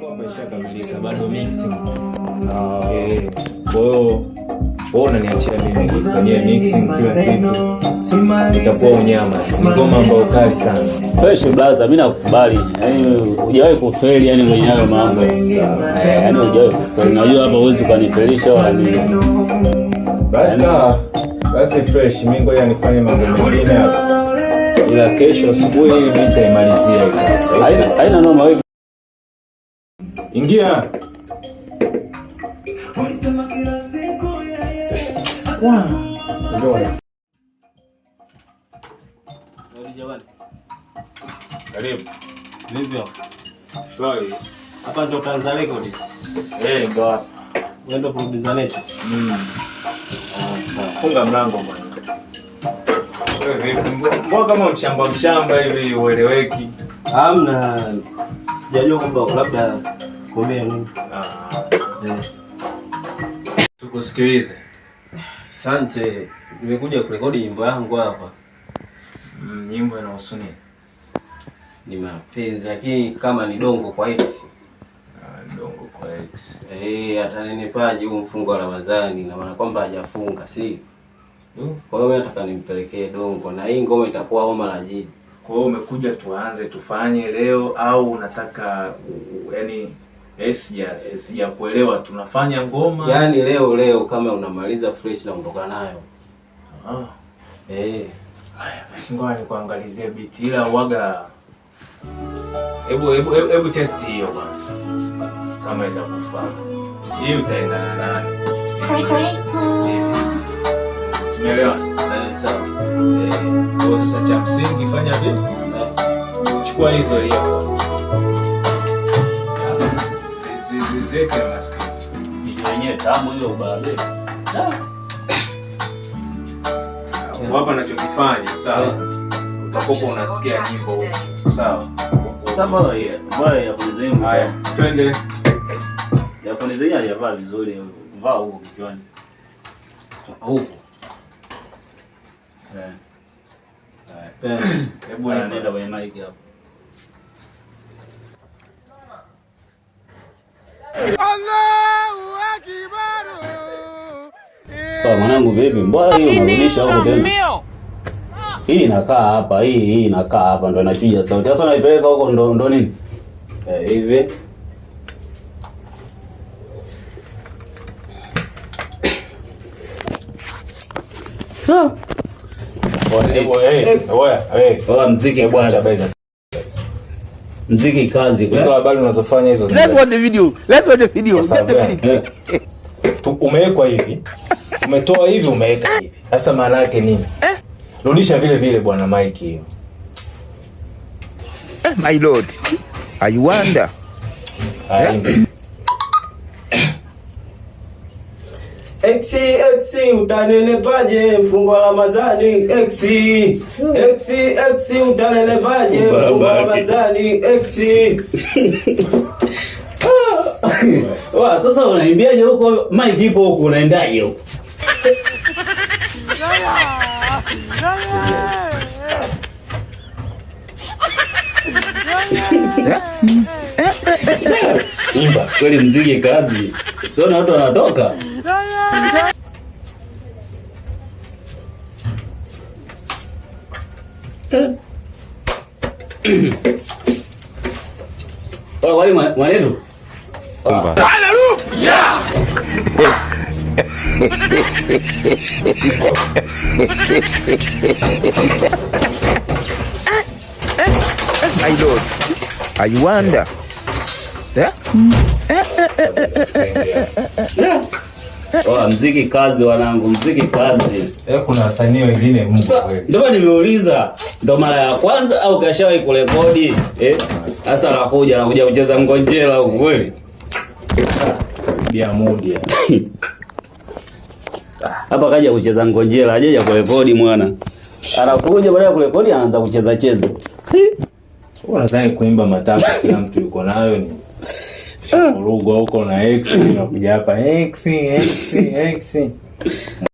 hapo hapo ishakamilika, bado mixing. Eh, kwa hiyo wewe unaniachia mimi kwenye mixing, kila kitu itakuwa unyama. Ni ngoma ambayo kali sana fresh blaza, mimi nakukubali. Yani hujawahi kufeli, yani mwenye hayo mambo, eh, yani hujawahi kufeli. Unajua hapa huwezi ukanifelisha wala nini. Basi yaani- basi, fresh, mimi ngoja nifanye mambo mengine hapa, ila kesho asubuhi mimi nitaimalizia Haina noma. Ingia. Ah, Karibu. Hivyo. Hapa ndo Eh, ndo Ndio Mm. Funga mlango bwana. Mbona kama mshamba mshamba hivi ueleweki? Hamna. Sijajua kwamba labda Ah, Tukusikilize. Asante. Nimekuja kurekodi nyimbo yangu hapa. Mm, nyimbo inahusu nini? Ni mapenzi lakini kama ni dongo kwa ex. Ah, dongo kwa ex. Eh, atanenepaje huu mfungo wa Ramadhani na maana kwamba hajafunga, si? Mm. Kwa hiyo nataka nimpelekee dongo na hii ngoma itakuwa homa la jiji. Kwa hiyo umekuja tuanze tufanye leo au unataka yaani Eh, sijakuelewa. Yes, yes, tunafanya ngoma yaani leo leo, kama unamaliza fresh na ondoka nayo ah. Eh, basi ngoja nikuangalizie beat, ila uwaga, hebu hebu hebu test hiyo basi. kama itakufaa hii na nani? Umeelewa? Eh, sawa. Eh, kwa sasa cha msingi fanya vipi? Eh. Chukua hizo hiyo. Keki nasikia. Ni yenyewe tamu hiyo babe. Hapa nachokifanya sawa. Eh. Utakopo unasikia nyimbo. Sawa. Sawa ya. Bora ya kuzima. Haya, twende. Ya kunizia ya vaa vizuri, vaa huko kichwani. Huko. Eh. eh. Hebu nenda kwenye mic hapo. Mwanangu vipi, mbona hiyo unarudisha huko tena? Hii inakaa hapa, hii hii inakaa hapa ndo inachuja sauti. Sasa naipeleka huko ndo ndo nini? Eh, hivi. Ah. Eh, eh, eh, mziki kwanza mziki kazi. kwa sababu habari unazofanya hizo, let's watch the video, let's watch the video, get the video. Umewekwa hivi, umetoa hivi, umeweka hivi. Sasa maana yake nini? Eh? Rudisha vile vile, bwana Mike, hiyo eh, my lord, I wonder eh? Eti X utanelepaje? mfungo wa Ramadhani X X X utanelepaje? mfungo wa Ramadhani X Wa sasa unaimbiaje huko? mic ipo huko, unaendaje huko? Imba kweli, mziki kazi, siona watu wanatoka Wale mwanetu haleluya idols i wonder yeah. yeah. yeah. yeah. Oh, mziki kazi wanangu, mziki kazi. Eh, kuna wasanii wengine Mungu kweli. Ndio nimeuliza, ndio mara ya kwanza au kashawahi kurekodi? Eh? Sasa anakuja anakuja kucheza ngonjera huko kweli. Bia mudi. Hapa kaja kucheza ngonjera, hajaja kurekodi mwana. Anakuja baada ya kurekodi anaanza kucheza cheza. Wewe unadhani kuimba matatu kila mtu yuko nayo ni Shakulugwa huko na X, nakuja hapa X X X